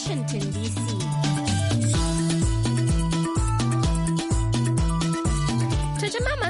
Washington, D.C.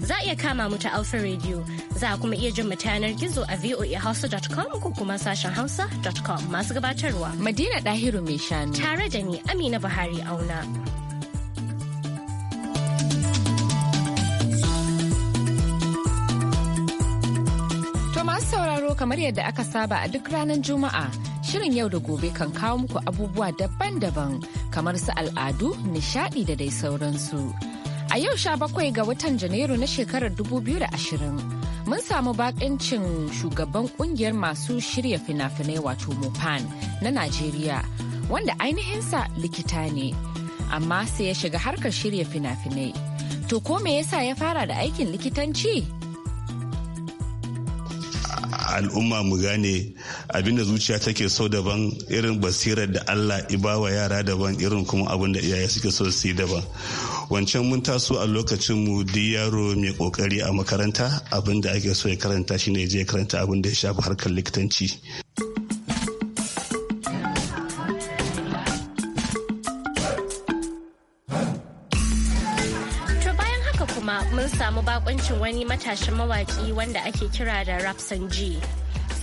za a iya kama mu ta Alpha Radio. Za a kuma iya jin mu ta yanar gizo a voahausa.com ko kuma sashen hausa.com masu gabatarwa. Madina Dahiru mai shanu. Tare da ni Amina Buhari auna. To masu sauraro kamar yadda aka saba a duk ranar Juma'a. Shirin yau da gobe kan kawo muku abubuwa daban-daban kamar su al'adu, nishadi da dai sauransu. A yau sha bakwai ga watan Janairu na shekarar 2020 mun samu bakincin shugaban kungiyar masu shirya fina-finai wato Mopan na Najeriya wanda ainihinsa likita ne amma sai ya shiga harkar shirya fina-finai. To ko me yasa ya fara da aikin likitanci? al'umma mu gane abinda zuciya take so daban irin basirar da Allah ibawa yara daban irin kuma abin da iyaye suke so su yi daban wancan mun taso a lokacin mu duk yaro mai kokari a makaranta abin da ake so ya karanta shine ya je karanta abin da ya shafi harkar likitanci mun samu bakuncin wani matashin mawaki wanda ake kira da Rafsanji.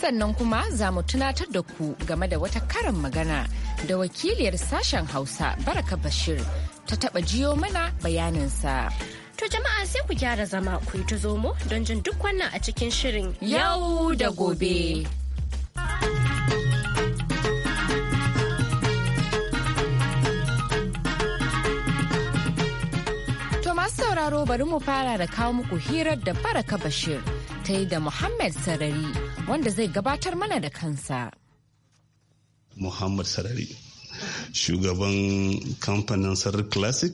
Sannan kuma za mu tunatar da ku game da wata karin magana da wakiliyar sashen Hausa Baraka Bashir ta taba jiyo mana bayaninsa. To jama'a sai ku gyara zama ku yi ta zomo don jin duk wannan a cikin shirin yau da gobe. sauraro bari mu fara da kawo muku hirar da Baraka Bashir ta yi da Muhammad Sarari wanda zai gabatar mana da kansa. Muhammad Sarari, shugaban kamfanin Sarar Classic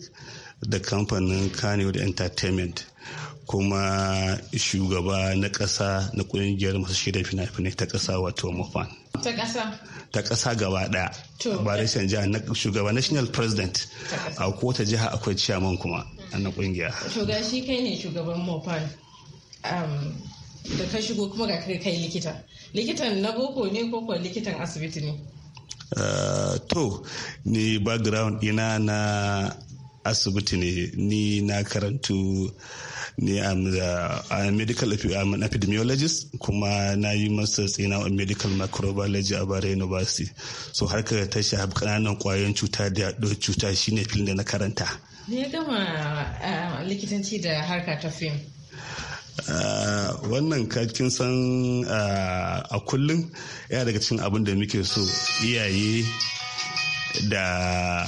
da kamfanin Kanewood Entertainment. kuma shugaba na kasa na kungiyar masu shirya fina-finai ta kasa wato mafan. Ta kasa. Ta gaba daya Ba da shugaba national president a kowace jiha akwai ciyaman kuma. na kungiya to shi kai ne shugaban mopan da ka shigo kuma ga kai kai likita likitan na boko ne ko kuwa likitan asibiti ne eh, to ni background ina na asibiti ne ni na karantu ne a medical epidemiologist kuma na yi masters ina a medical microbiology a bare university so harkar ta a kananan kwayoyin cuta da cuta shine filin da na karanta Me ya gama likitanci da harka ta fim? wannan kakin san a kullum yana daga cikin abin da muke so iyaye da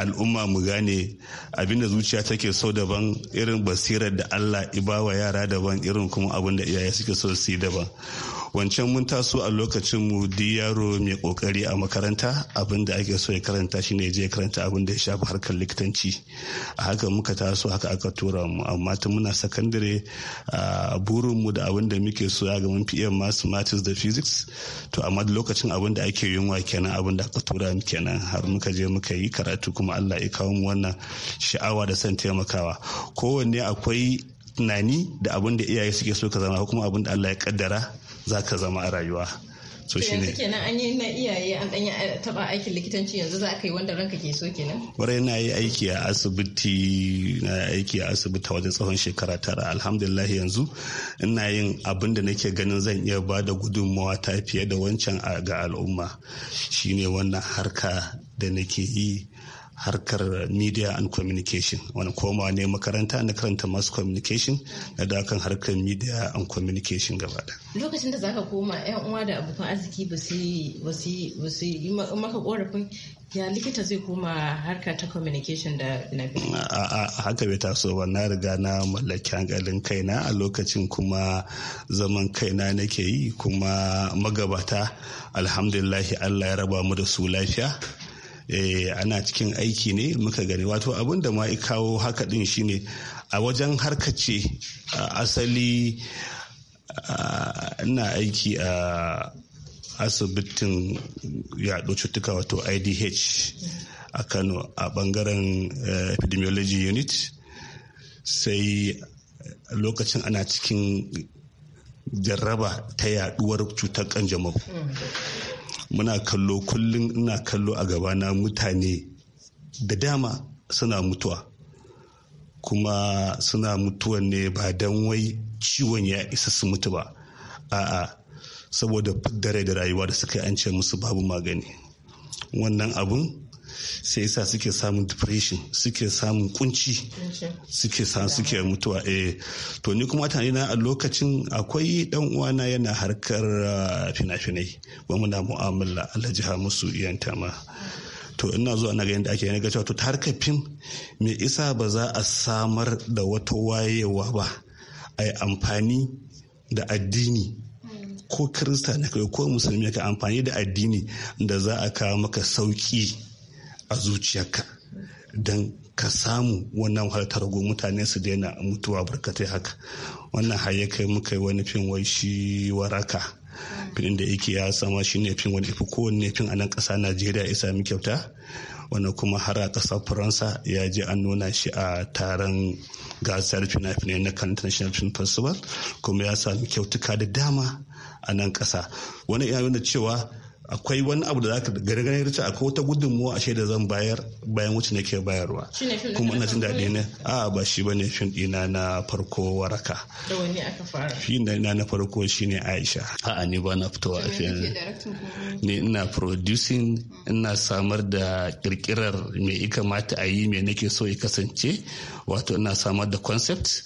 al'umma mu gane abinda zuciya take so daban irin basirar da allah ibawa yara daban irin kuma abin da iyaye suke so su yi daban wancan mun taso a lokacin mu di yaro mai kokari a makaranta abin da ake so ya karanta shine ya je karanta abin da ya shafi harkar likitanci a haka muka taso haka aka tura mu amma tun muna sakandare a burin mu da abin da muke so ya ga mun fi iya mathematics da physics to amma lokacin abin da ake yunwa kenan abin da aka tura mu kenan har muka je muka yi karatu kuma Allah ya kawo mu wannan sha'awa da son taimakawa kowanne akwai tunani da abin da iyaye suke so ka zama ko kuma abin da Allah ya kaddara za ka zama a rayuwa so shi ne kenan an yi na iyaye an dan eh, taɓa aikin likitanci yanzu za ka yi wanda ranka ke so kenan Wari na yi aiki a asibiti na aiki a asibiti wajen tsawon shekara tara alhamdulillah yanzu ina yin abin da nake ganin zan iya ba da gudunmawa ta fiye da wancan ga al'umma shine wannan harka da nake yi harkar media and communication wani koma ne makaranta na karanta mass communication na da kan harkar media and communication gaba da lokacin da zaka koma yan uwa da abokan arziki ba su yi maka korafin ya likita zai koma harka ta communication da na a haka bai taso ba na riga na mallaki hankalin kaina a lokacin kuma zaman kaina nake yi kuma magabata alhamdulillahi allah ya raba mu da su lafiya Eh, ana cikin aiki ne muka gani wato abin da ma kawo haka din shine a wajen harkace asali ina aiki a asibitin yaɗo cutuka wato idh a kano a ɓangaren eh, epidemiology unit sai lokacin ana cikin jarraba ta yaduwar cutar kanjamau muna kallo kullum ina kallo a gabana mutane da dama suna mutuwa kuma suna mutuwa ne ba don wai ciwon ya isa su mutu ba a'a saboda fuddare da rayuwa da suka yi an ce musu babu magani wannan abun sai yasa suke samun depression suke samun kunci suke suke mutuwa eh to ni kuma tunanina a lokacin akwai dan uwana yana harkar ah, fina-finai ba muna mu'amala Allah Alhaji musu iyanta ma to ina zuwa na ga yadda ake ga cewa to ta harkar fim me isa ba za a samar da wata wayewa ba a yi amfani da addini hmm. ko kirista na kai ko musulmi ka amfani da addini da za a kawo maka sauki a zuciyarka don ka samu wannan halartar ta mutane su daina mutuwa barkatai haka wannan haye kai muka yi wani fin wai shi waraka filin da yake ya sama shi ne fin wani fi fin a nan ƙasa najeriya ya sami kyauta wani kuma har a ƙasar faransa ya je an nuna shi a taron gasar fina-finai na kan international film festival kuma ya sami kyautuka da dama a nan ƙasa wani iya nuna cewa akwai wani abu da za ka gani ganin rice akwai wata gudunmuwa ashe da zan bayar bayan wuce nake bayarwa kuma ina jin daɗi ne a ba shi bane fim ina na farko waraka da wani aka fara fim ina na farko shine Aisha a'a ani ba na fitowa a ne ina producing ina samar da kirkirar me ya kamata a yi me nake so ya kasance wato ina samar da concept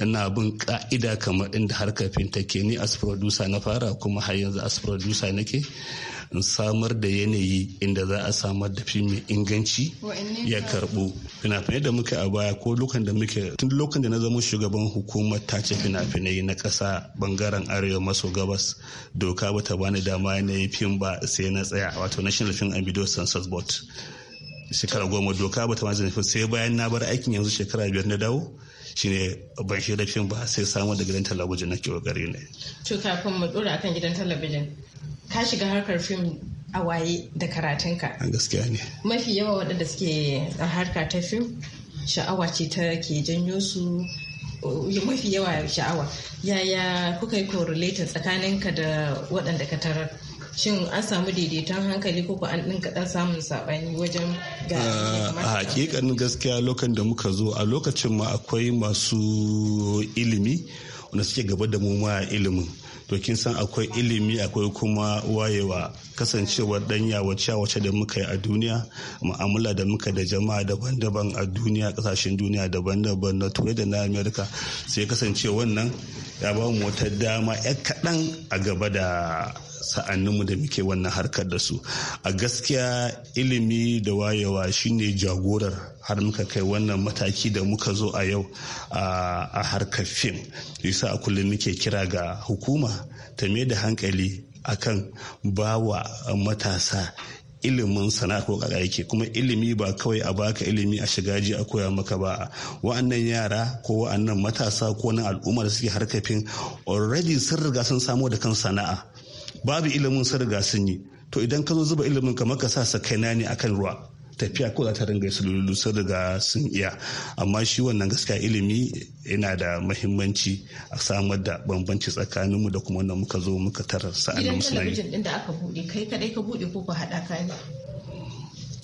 ina bin ka'ida kamar inda harkar fim take ni as producer na fara kuma har yanzu as producer nake samar da yanayi inda za a samar da fim mai inganci ya karɓo fina-finai da muke a baya ko lokacin da muke tun lokacin da na zama shugaban hukumar ta ce fina-finai na ƙasa bangaren arewa maso gabas doka bata bani dama na yi fim ba sai na tsaya wato national film and video census board shekara goma doka bata bani sai bayan na bar aikin yanzu shekara biyar na dawo shine ban shi rafin ba sai samu da gidan talabijin na kokari ne to kafin mu dora akan gidan talabijin ka shiga harkar fim a waye da karatunka a gaskiya ne mafi yawa waɗanda suke harka ta fim sha'awa ce ta ke janyo su mafi yawa sha'awa yaya kuka yi correlating tsakaninka da waɗanda ka tarar shin an samu daidaiton hankali ko an ɗinka ɗan samun saɓani wajen ga ah, a hakikanin gaskiya lokacin da muka zo a lokacin ma akwai masu ilimi wanda suke gaba da mu ma ilimin to kin san akwai ilimi akwai kuma wayewa kasancewar danya wace wace da muka yi a duniya mu'amala da muka da jama'a daban-daban a duniya kasashen duniya daban-daban na turai da na amerika sai kasance wannan ya ba mu wata dama ya kaɗan a gaba da sa'anninmu da muke wannan harkar da su a gaskiya ilimi da wayewa shine jagorar har muka kai wannan mataki da muka zo a yau a harkar fim yasa a kullum muke kira ga hukuma ta mai da hankali akan bawa matasa ilimin sana'a ko aiki kuma ilimi ba kawai a baka ilimi a shiga ji a koya maka ba wa'annan yara ko wa'annan matasa ko na al'ummar suke harkafin already sun riga sun samo da kan sana'a babu ilimin sarga sun yi to idan ka zo zuba ilimin kama ka sa na ne akan ruwa tafiya ko za ta ringa su lulu sun riga sun iya amma shi wannan gaskiya ilimi yana da mahimmanci a samar da bambanci tsakaninmu da kuma wanda muka zo muka tarar sa'an musulmi. Gidan talabijin din da aka buɗe kai kadai ka buɗe ko ka haɗa kai.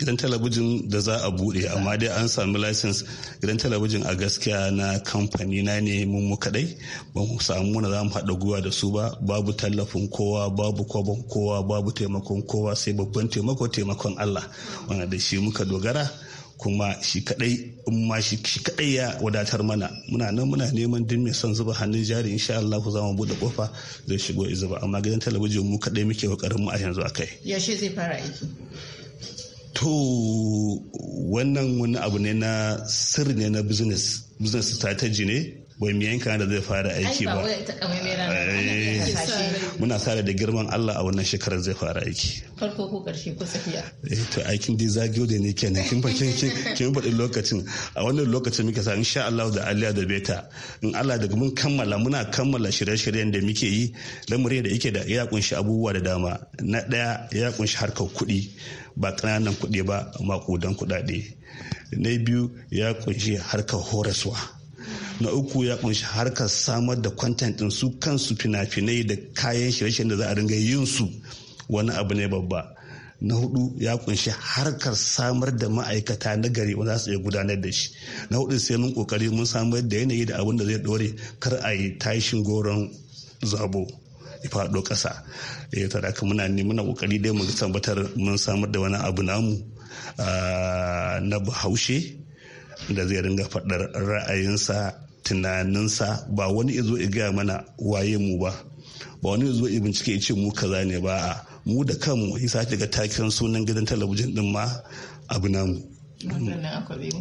gidan talabijin da za a bude amma dai an sami license gidan talabijin a gaskiya na kamfani na ne mun mu kadai ba mu samu na za mu haɗa gwiwa da su ba babu tallafin kowa babu kwabon kowa babu taimakon kowa sai babban taimako taimakon Allah wanda da shi muka dogara kuma shi kadai in ma shi kadai ya wadatar mana muna nan muna neman duk mai son zuba hannun jari insha Allah ku zamu bude kofa zai shigo izuba, amma gidan talabijin mu kadai muke kokarin mu a yanzu akai yaushe zai fara aiki To wannan wani abu ne na sirri ne na business, business strategy ne bai kan da zai fara aiki ba eh, muna sare da girman Allah a wannan shekarar zai fara aiki farko ko karshe ko tsakiya eh, to aikin dai zagiyo da ne kenan kin fakin kin faɗi lokacin a wannan lokacin muke sa insha Allah da Aliya da beta in Allah daga mun kammala muna kammala shirye-shiryen da muke yi lamarin da yake da ya kunshi abubuwa da dama na daya ya kunshi harkar kuɗi ba ƙananan kuɗi ba makudan kuɗaɗe na biyu ya kunshi harkar horaswa na uku ya kunshi harkar samar da kwantan din su kansu fina-finai da kayan shirye-shiryen da za a dinga yin su wani abu ne babba na hudu ya kunshi harkar samar da ma'aikata na gari wanda su iya gudanar da shi na hudu sai mun kokari mun samar da yanayi da abin da zai dore kar a yi tashin goron zabo faɗo ƙasa ya eh, tara ka muna ne muna kokari dai mu tabbatar mun samar da wani abu namu ah, na bahaushe da zai ringa faɗar ra'ayinsa tunaninsa ba wani ya zo ya gaya mana waye mu ba ba wani ya zo ya bincike ya ce mu kaza ne ba a mu da kanmu isa ga taken sunan gidan talabijin din ma abu namu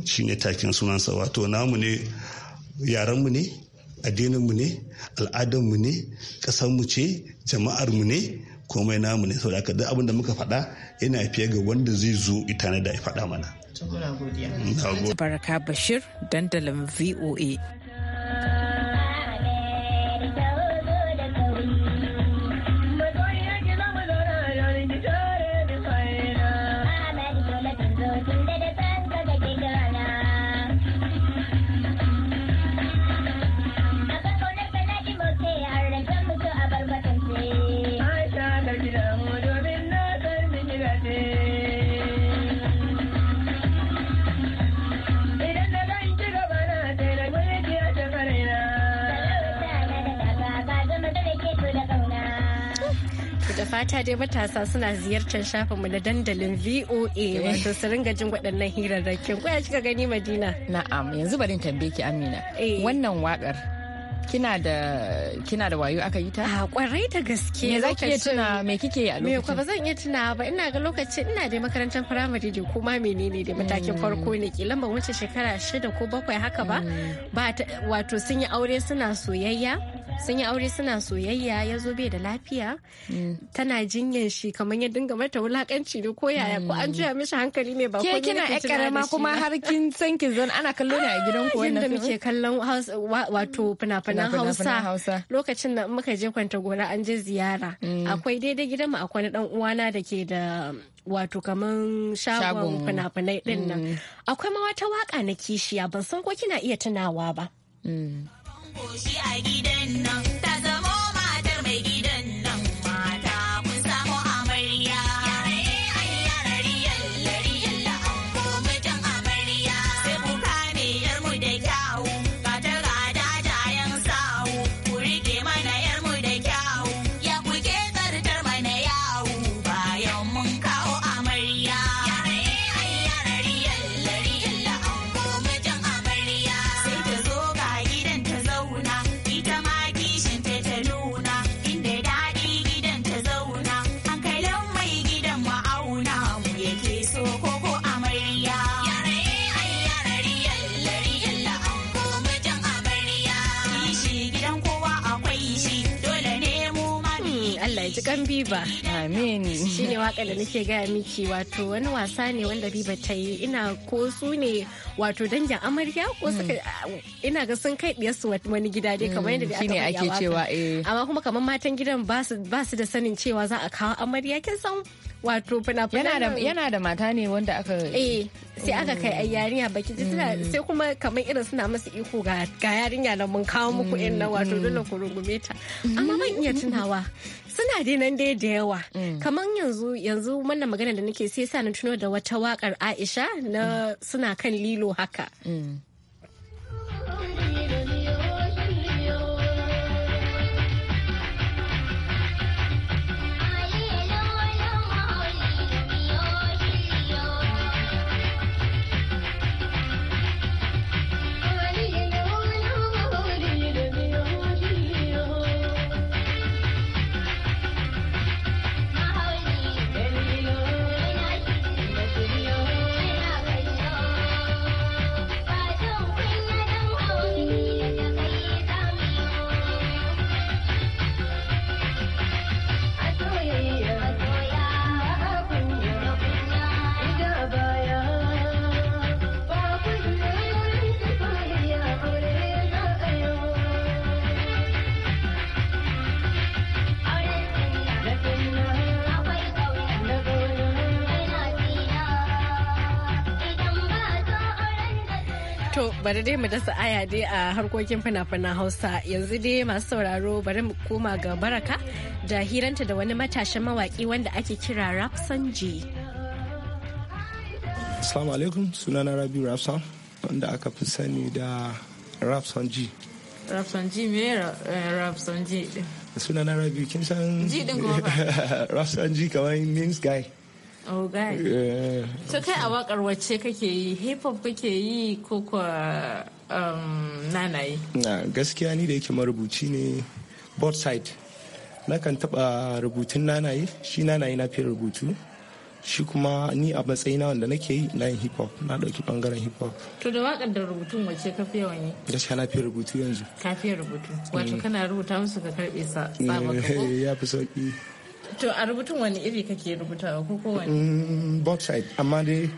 shi ne taken sunansa wato namu ne yaranmu ne addininmu ne mu ne ƙasarmu ce jama'armu ne komai namu ne saboda haka duk abin da muka faɗa yana fiye ga wanda zai zo ita da ya faɗa mana to Na gode. baraka bashir dandalin voa mata dai matasa suna ziyartar shafinmu na dandalin VOA wato su ringa jin waɗannan hirarrakin. Kwaya kika gani Madina? Na'am, yanzu bari tambaye ki Amina. Eh. Wannan wakar kina da kina da wayo aka yi ta? A ah, kwarai da gaske. Me zaki iya tuna me kike yi a lokacin? Me kwa ba zan iya tuna ba ina ga lokacin ina da makarantar firamare da kuma menene da matakin mm. farko ne kila ba wuce shekara shida ko bakwai haka ba. Mm. Ba wato sun yi aure suna soyayya. sun yi aure suna soyayya ya zo bai da lafiya mm. tana jinyar shi kamar ya dinga mata wulakanci ne ko yaya ko an mm. juya mishi hankali ne ba ko kina ƴar karama kuma har kin san ki zon ana kallo ne a gidan ku wannan yanda muke kallon wato fina-finan Hausa lokacin da muka je kwanta gora an je ziyara mm. akwai daidai gidan mu akwai dan uwana da ke da wato kaman shagon fina-finai din nan akwai ma wata waka na kishiya ban san ko kina iya tunawa ba koshi a gidan nan. da nake gaya miki wato wani wasa ne wanda Biba ta yi ina ko su ne wato dangin amarya ko suka hmm. ina ga sun kai diyarsu wani gida dai kamar yadda hmm. aka yi ake cewa eh amma kuma kamar matan gidan ba su da sanin cewa za a kawo amarya kin san wato fina fina yana da mata ne wanda aka eh sai aka kai ai hmm. yarinya baki ji tana sai kuma kamar irin suna masa iko ga yarinya nan mun kawo muku irin na wato dole ku rungume ta amma ban iya tunawa suna dai nan dai da yawa mm. kamar yanzu yanzu wannan magana da nake sai sa na tuno da wata waƙar Aisha na mm. suna kan lilo haka mm. bari dai mu dasa aya dai a harkokin fina-finan hausa yanzu dai masu sauraro bari mu koma ga baraka da hiranta da wani matashin mawaki wanda ake kira rafsanji assalamu alaikum sunana rabi rafsan wanda aka fi sani da rafsanji rafsanji me rafsanji eh, sunana rabi kin san ji din kuma means guy Oh gani. So kai a wakar wacce kake yi hip hop kake yi ko kwa um, nanaye? Na gaskiya ni da yake marubuci ne both side. na kan taɓa rubutun nanaye, shi nanaye na fi rubutu. shi kuma ni a matsayina wanda nake yi na yin hip hop na dauki bangaren hip hop to da wakar da rubutun wacce ka fi yawan yi gaskiya na fi rubutu yanzu ka fi rubutu wato mm. kana rubuta musu ka karbe sa eh, ya fi sauki to a rubutun wani iri kake rubutawa ko kowane mm, both side amma dai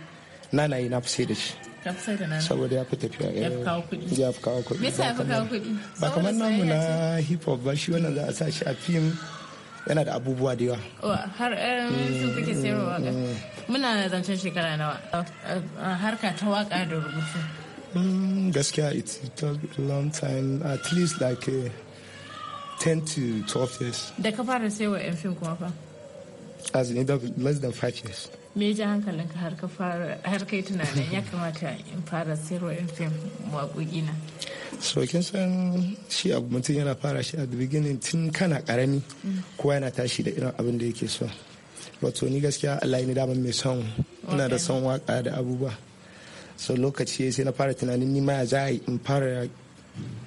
nana yi na fi sai da shi saboda ya fi tafiya ya fi eh, kawo kuɗi me ya fi kawo kuɗi ba kamar namu na hip hop ba shi wannan za a sa shi a fim yana da abubuwa da yawa oh, har su eh, kuke mm, sayarwa mm. muna zancen shekara nawa harka ta waka da rubutu gaskiya it took a long time at least like uh, 10 to 12 years da ka fara sai wa yan fim kuma fa as in the less than 5 years me ji ka har ka fara har kai tunanin ya kamata in fara sayarwa yan fim waƙoƙi na so kin san shi abu mutum yana fara shi a beginning tun kana karami kowa yana tashi da irin abin da yake so wato ni gaskiya Allah ni daman mai son ina da son waka da abubuwa so lokaci sai na fara tunanin ni ma za in fara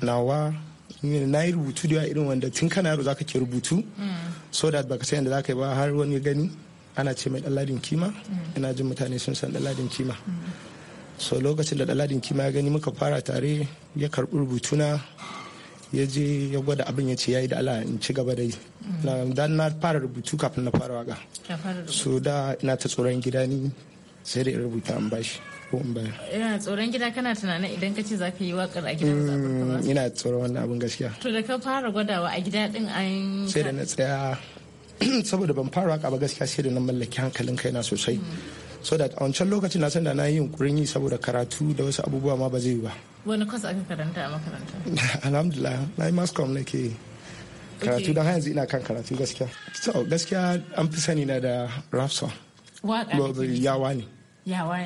nawa na yi rubutu da irin wanda tun kana yaro zaka ke rubutu mm. so that baka san yadda zaka yi ba har wani gani ana ce mai ɗaladin kima mm. ina jin mutane sun san ɗaladin kima mm. so lokacin da ɗaladin kima ya gani muka fara tare ya karɓi na ya je ya gwada abin ya ce ya yi da ala in ci gaba da yi na fara rubutu kafin na fara waka so da ina ta tsoron gida ni sai da in rubuta in bashi ko in bayar. Ina tsoron gida kana tunanin idan ka ce za ka yi wakar a gida ba za ka mm, Ina tsoron wannan abin gaskiya. To da ka fara gwadawa a gida din an. Sai da na tsaya saboda ban fara waka ba gaskiya sai da na mallaki hankalin kaina sosai. Mm. so that a wancan lokacin na san da na yi yunkurin yi saboda karatu da wasu abubuwa ma ba zai yi ba. Wani kwas aka karanta a makaranta? Alhamdulillah, na yi mass com nake karatu don yanzu ina kan karatu gaskiya. So gaskiya an fi sani na da rap song. Waƙa? ne. yawa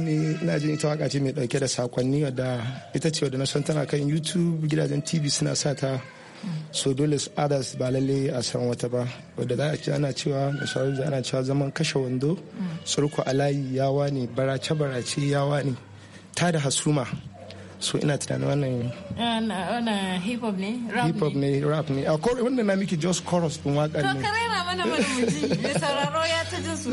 ne na jin ita waka ce mai dauke da sakonni wadda ita ce wadda na san tana kan youtube gidajen tv suna sa ta so dole others ba lalle a san wata ba wadda za a ce ana cewa misali ana cewa zaman kashe wando mm. surku alayi yawa ne barace barace yawa ne ta da hasuma so ina tunanin wannan wannan hip hop ne rap hip hop ne rap ne a kore wannan na miki just chorus din wakar ne to kare na mana mana muji da sauraro ya ta jin su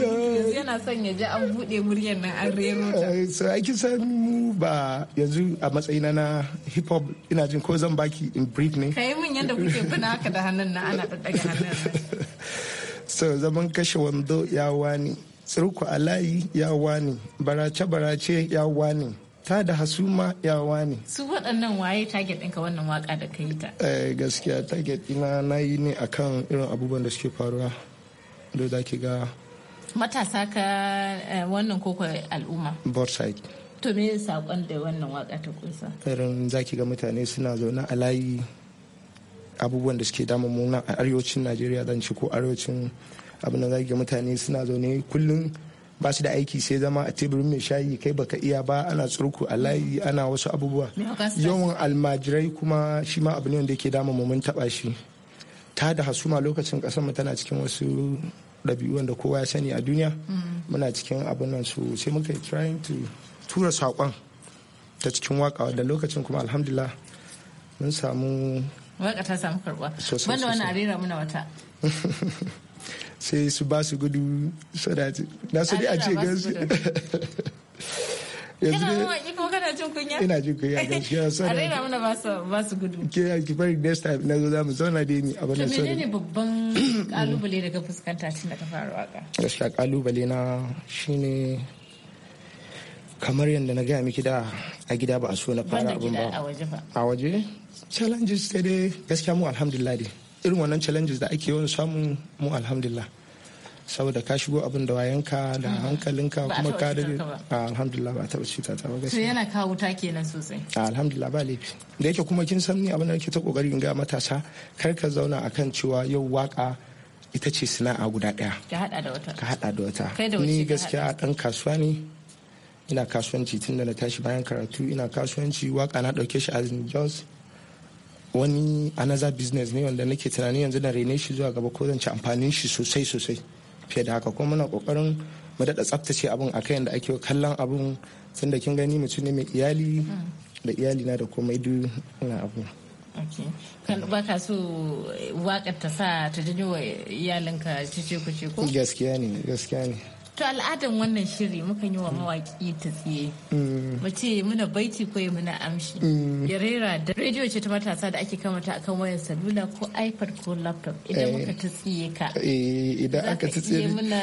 yana son ya ji an bude muryar nan an rero ta eh, so ai kin san mu ba yanzu a matsayina na hip hop ina jin ko zan baki in brief ne kai mun yanda kuke bina haka da hannun na ana daddaga hannun so zaman kashe wando ya wani tsirku alayi ya wani barace barace ya wani ta da hasuma yawa ne su waɗannan waye target ɗinka wannan waka da ka yi ta eh gaskiya target ina na yi ne akan irin abubuwan da suke faruwa da za ki ga matasa ka eh, wannan koko al'umma both to me saƙon da wannan waka ta kunsa irin za ki ga mutane suna zaune a layi abubuwan da suke damun muna a arewacin najeriya zan ci ko arewacin abin da za ki ga mutane suna zaune kullum ba su da aiki sai zama a teburin mai shayi kai baka iya ba ana tsurku a layi ana wasu abubuwa yawan almajirai kuma shi ma abu ne wanda yake dama mu mun taba shi ta da hasuma lokacin kasar mu tana cikin wasu ɗabi'u wanda kowa ya sani a duniya mm. muna cikin abin nan su sai muka trying to tura saƙon ta cikin waka da lokacin kuma alhamdulillah mun samu waka ta samu karɓa banda wani arera muna wata sai su ba su gudu so that na so dai a ce gansu yanzu ne kuma kana jin kunya ina jin kunya gaskiya a raina mana ba su ba su gudu ke ki bari next time na zo za mu zauna dai ni a bana so ne babban kalubale daga fuskanta tun da ka fara waka gaskiya kalubale na shine kamar yadda na gaya miki da a gida ba a so na fara abin ba a waje challenges dai gaskiya mu alhamdulillah dai irin wannan challenges da ake yawan samu mu alhamdulillah saboda ka shigo abin da wayanka da mm. hankalinka kuma ka da alhamdulillah ba taɓa cuta ta ba gaskiya yana kawo wuta kenan sosai alhamdulillah ba laifi da yake kuma kin san ni abin da nake ta kokari in ga matasa kar ka zauna akan cewa yau waka ita ce sana'a guda daya ka hada da wata ka hada da wata ni gaskiya dan kasuwa ne ina kasuwanci tun da na tashi bayan karatu ina kasuwanci waka na dauke shi as jones. wani another business ne wanda nake tunani yanzu na rene shi zuwa gaba ko zan ci amfanin shi sosai sosai fiye da haka kuma muna kokarin mu daɗa tsaftace abin a kai da ake kallon abin da kin gani mutum ne mai iyali da iyali na da komai duk ina abu kan ba ka so wakar ta sa ta janyo wa iyalinka cice kuce ko gaskiya ne gaskiya ne To al'adan wannan shiri muka yi wa mm. mawaƙi ta tsiye. Mm. Mu ce muna baiti ko muna amshi. Mm. Ya rera da rediyo ce ta matasa da ake kamata a kan wayar salula ko iPad ko laptop idan eh. muka ta tsiye ka. Eh, idan aka ta tsiye muna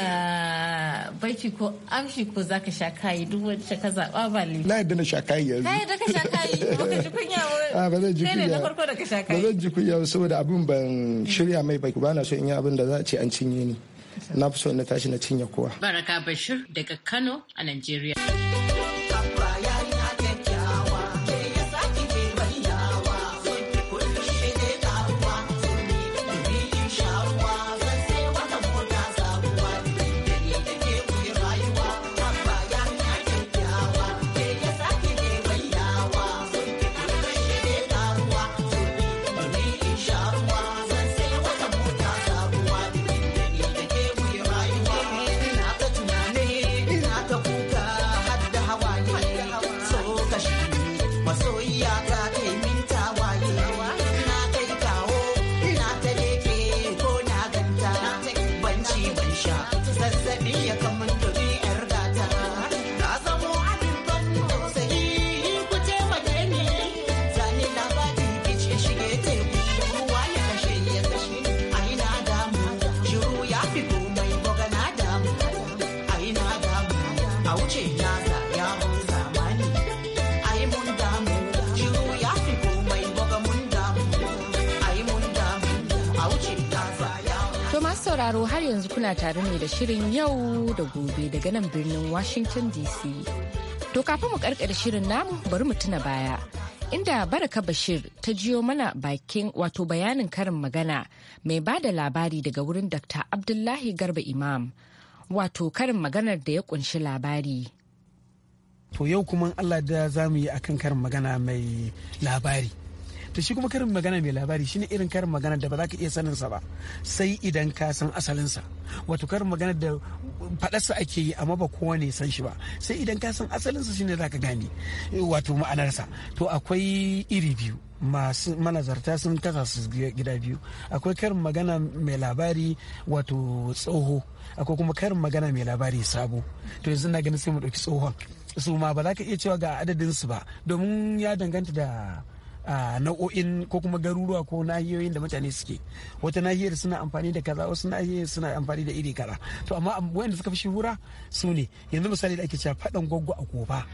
baiti ko amshi ko za ka sha kayi duk wacce ka zaɓa ba ne. Na yadda na sha kayi yanzu. Na yadda ka sha kayi baka ji kunya ba. Ah, ba zan ji kunya. na farko da ka sha kayi. Ba zan ji kunya saboda abin ban shirya mai ki. ba na so in yi abin da za a ce an cinye ni. na fi so na tashi na cinye kowa. Baraka Bashir daga Kano a Najeriya. sauraro har yanzu kuna tare ne da shirin yau da gobe daga nan birnin Washington DC. To kafin mu karkare shirin namu bari mu tuna baya. Inda Baraka Bashir ta jiyo mana bakin wato bayanin karin magana mai ba da labari daga wurin Dr. Abdullahi Garba Imam. Wato karin maganar da ya kunshi labari. To yau kuma Allah da za mu yi akan karin magana mai labari. to shi kuma karin magana mai labari shine irin karin magana da ba za ka iya sanin sa ba sai idan ka san asalin sa wato karin magana da fadarsa ake yi amma ba kowa ne san shi ba sai idan ka san asalin sa shine za ka gane wato ma'anar sa to akwai iri biyu masu manazarta sun kasa su gida biyu akwai karin magana mai labari wato tsoho akwai kuma karin magana mai labari sabo to yanzu na ganin sai mu ɗauki tsohon su ma ba za ka iya cewa ga adadin su ba domin ya danganta da a nau'o'in ko kuma garuruwa ko nahiyoyin da mutane suke wata nahiyar suna amfani da kaza wasu nahiyoyin suna amfani da iri kaza to amma wanda suka fi shura su ne yanzu misali da ake cewa faɗan gwaggo a kofa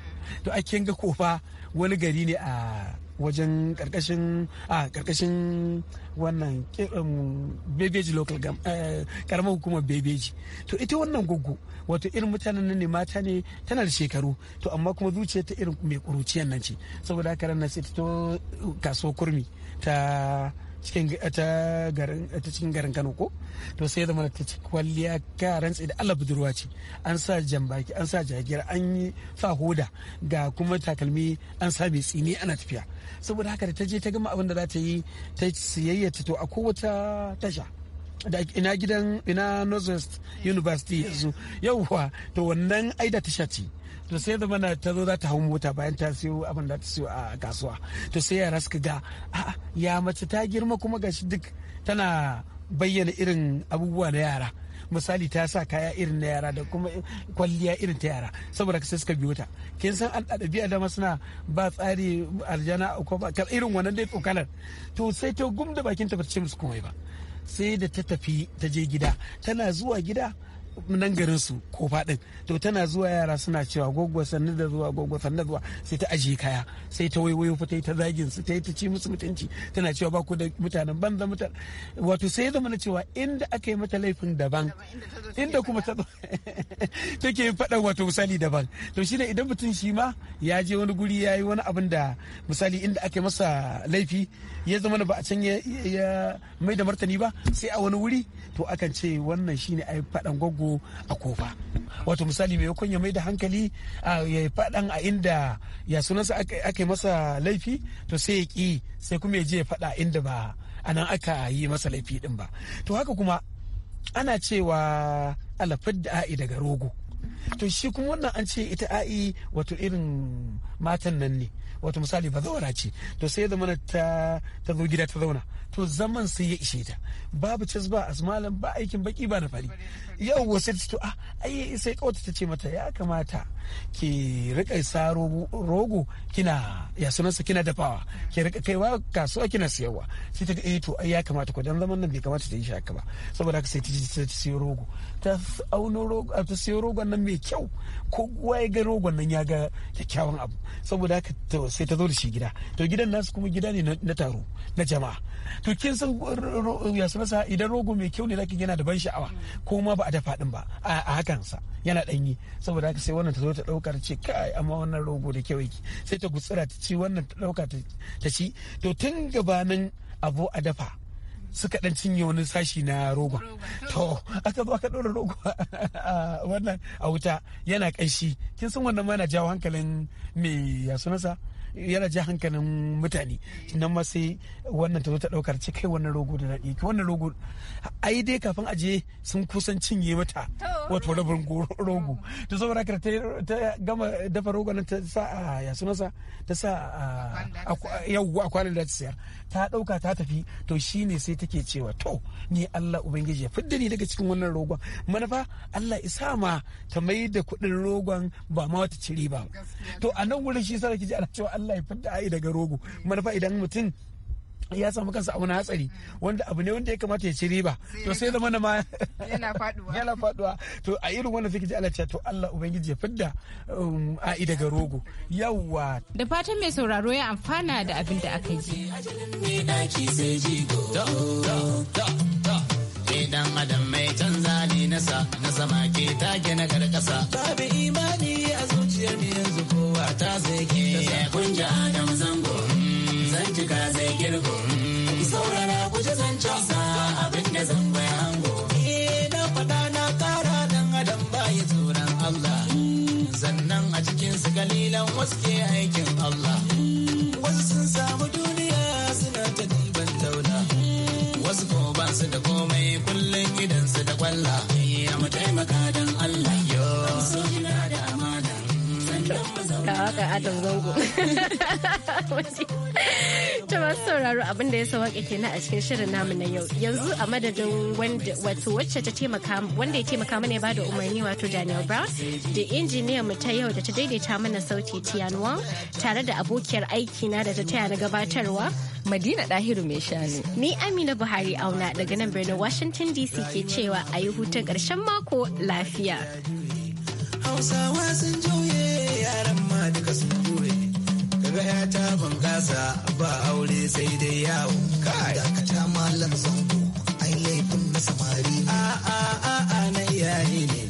to ake ga kofa wani gari ne a wajen karkashin a karkashin wannan um, bebeji local eh, karamar hukumar bebeji to ita wannan gugu wato irin mutanen nan ne mata ne tana da shekaru to amma kuma zuciya ta irin mai kuruciyan nan ce saboda haka ran sai ta to kasuwar kurmi ta cikin ta cikin garin Kano ko to sai zama da ta ci kwalliya ka rantsi da Allah budurwa ce an sa jambaki an sa jagira an yi sa hoda ga kuma takalmi an sa mai tsini ana tafiya saboda haka da ta je ta gama abin da za ta yi ta siyayya ta to a kowace tasha da ina gidan ina northwest university yanzu yauwa to wannan aida tasha ce to sai da mana ta zo za ta hau mota bayan ta siyo abin da ta siyo a kasuwa to sai yara suka ga ya mace ta girma kuma gashi duk tana bayyana irin abubuwa na yara misali ta sa kaya irin na yara da kuma kwalliya irin ta yara saboda sai suka biyo ta kin san an a dama suna ba tsari arjana ko ba irin wannan dai tsokanar to sai ta gumda bakin ta ba ce musu komai ba sai da ta tafi ta je gida tana zuwa gida nan garin su ko faɗin to tana zuwa yara suna cewa goggo sannu da zuwa goggo sannu da zuwa sai ta ajiye kaya sai ta waiwayo fa ta yi ta zagin su ta yi ta ci musu mutunci tana cewa ba ku da mutanen banza mutan wato sai zama na cewa inda aka yi mata laifin daban inda kuma ta take faɗa wato misali daban to shine idan mutum shi ma ya je wani guri ya yi wani abin da misali inda aka yi masa laifi ya zama ba a can ya mai da martani ba sai a wani wuri to akan ce wannan shine ai faɗan goggo a kofa wato misali maimakon ya mai da hankali ya yi faɗan a inda ya sunansa aka yi masa laifi to sai ya ƙi sai kuma ya je ya faɗa inda ba a nan aka yi masa laifi ɗin ba to haka kuma ana cewa alafar da a'i daga rogo to shi kuma wannan an ce ita a'i wato irin matan nan ne wato misali ba zawara ce to sai zama ta ta zo gida ta zauna to zaman sai ya ishe ta babu cas ba asmalan ba aikin baki ba na fari yau wasu ta to ah ai sai kawata ta ce mata ya kamata ki rika sa rogo kina ya sunansa kina dafawa ki rika kaiwa kasuwa kina siyarwa sai ta ga eh, to ai ya kamata ko dan zaman nan bai kamata ta yi shaka ba saboda haka sai ta ta siyo rogo ta auno rogo ta siyo rogo nan mai kyau ko kowa ga rogon nan ya ga kyakkyawan abu saboda haka sai ta zo da shi gida to gidan nasu kuma gida ne na taro na jama'a to kin san ya sunansa idan rogo mai kyau ne zaki yana da ban sha'awa ko ma ba a dafa din ba a sa yana danyi saboda haka sai wannan ta zo ta dauka ta ce kai amma wannan rogo da kyau yake sai ta gutsira ta ci wannan ta dauka ta ci to tun gabanin abu a dafa suka dan cinye wani sashi na rogon to aka zo aka dora rogo a wannan a wuta yana kanshi kin san wannan ma na jawo hankalin me ya sunansa yana ji hankalin mutane nan ma sai wannan ta zo ta daukar ce kai wannan rogo da daɗi wannan rogo ai dai kafin a je sun kusan cinye mata wato rabin rogo ta zo ta gama dafa rogo nan ta sa a yasunansa ta sa a kwanan da ta sayar ta dauka ta tafi to ne sai take cewa to ni Allah ubangiji ya fidda ni daga cikin wannan rogon manufa Allah isa ma ta mai da kuɗin rogon ba ma wata ciri ba to a nan wurin shi sarki ji ana cewa Allah Allah ya fidda ai daga rogo manufa idan mutum ya samu kansa a wani hatsari wanda abu ne wanda ya kamata ya ci riba to sai zama na ma yana faduwa yana faduwa to a irin wannan suke ji ana to Allah ubangiji ya fidda um, a'i daga rogo yawwa da fatan mai sauraro ya amfana da abin da aka ji dan adam mai canza ne nasa na sama ke take na karkasa babu imani a zuciyar mu yanzu kowa ta zai ki ta kunja da zango zan cika zai girgo ku saurara ku ji zancen sa abin da zan bai hango eh, na faɗa na kara dan adam ba ya tsoron Allah sannan a cikin su kalilan waske ai adam zango ta masu sauraro abin da ya sauwaƙe kenan a cikin shirin namu na yau yanzu a madadin wato wacce ta taimaka wanda ya taimaka mana ya bada umarni wato daniel brown da injiniyan mu ta yau da ta daidaita mana sauti tian wang tare da abokiyar aiki na da ta taya na gabatarwa madina dahiru mai shanu ni amina buhari auna daga nan birnin washington dc ke cewa a yi hutun ƙarshen mako lafiya Hausawa sun juye yaran duka sun ture kaga ban ba aure sai dai yawo kai dakata malam zango ai laifin na samari ne a a a a na iyaye ne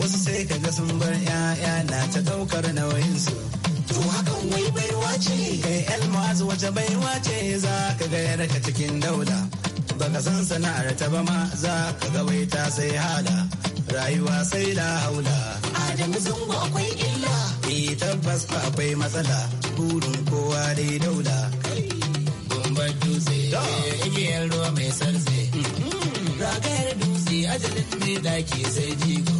wasu sai kaga sun bar yaya na ta daukar nauyin su to hakan wai baiwa ce kai elmas wata baiwa ce za ka ga yarka cikin daula baka san sana'ar ta ba ma za ka ga wai ta sai hala rayuwa sai la haula adamu zango akwai tabbas ba akwai matsala burin kowa dai daula. Gumbar dutse, igiyar ruwa mai sarze. Mm-hmm. Ragayar dutse ajalin mai daki sai jigo.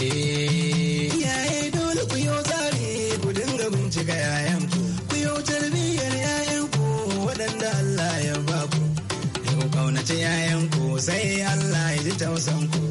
Eh. Iyaye dole ku yo tsare ku dinga bincika yayan ku. Ku yo tarbiyyar yayan ku waɗanda Allah ya ba ku. Ku kaunaci yayan ku sai Allah ya ji tausan ku.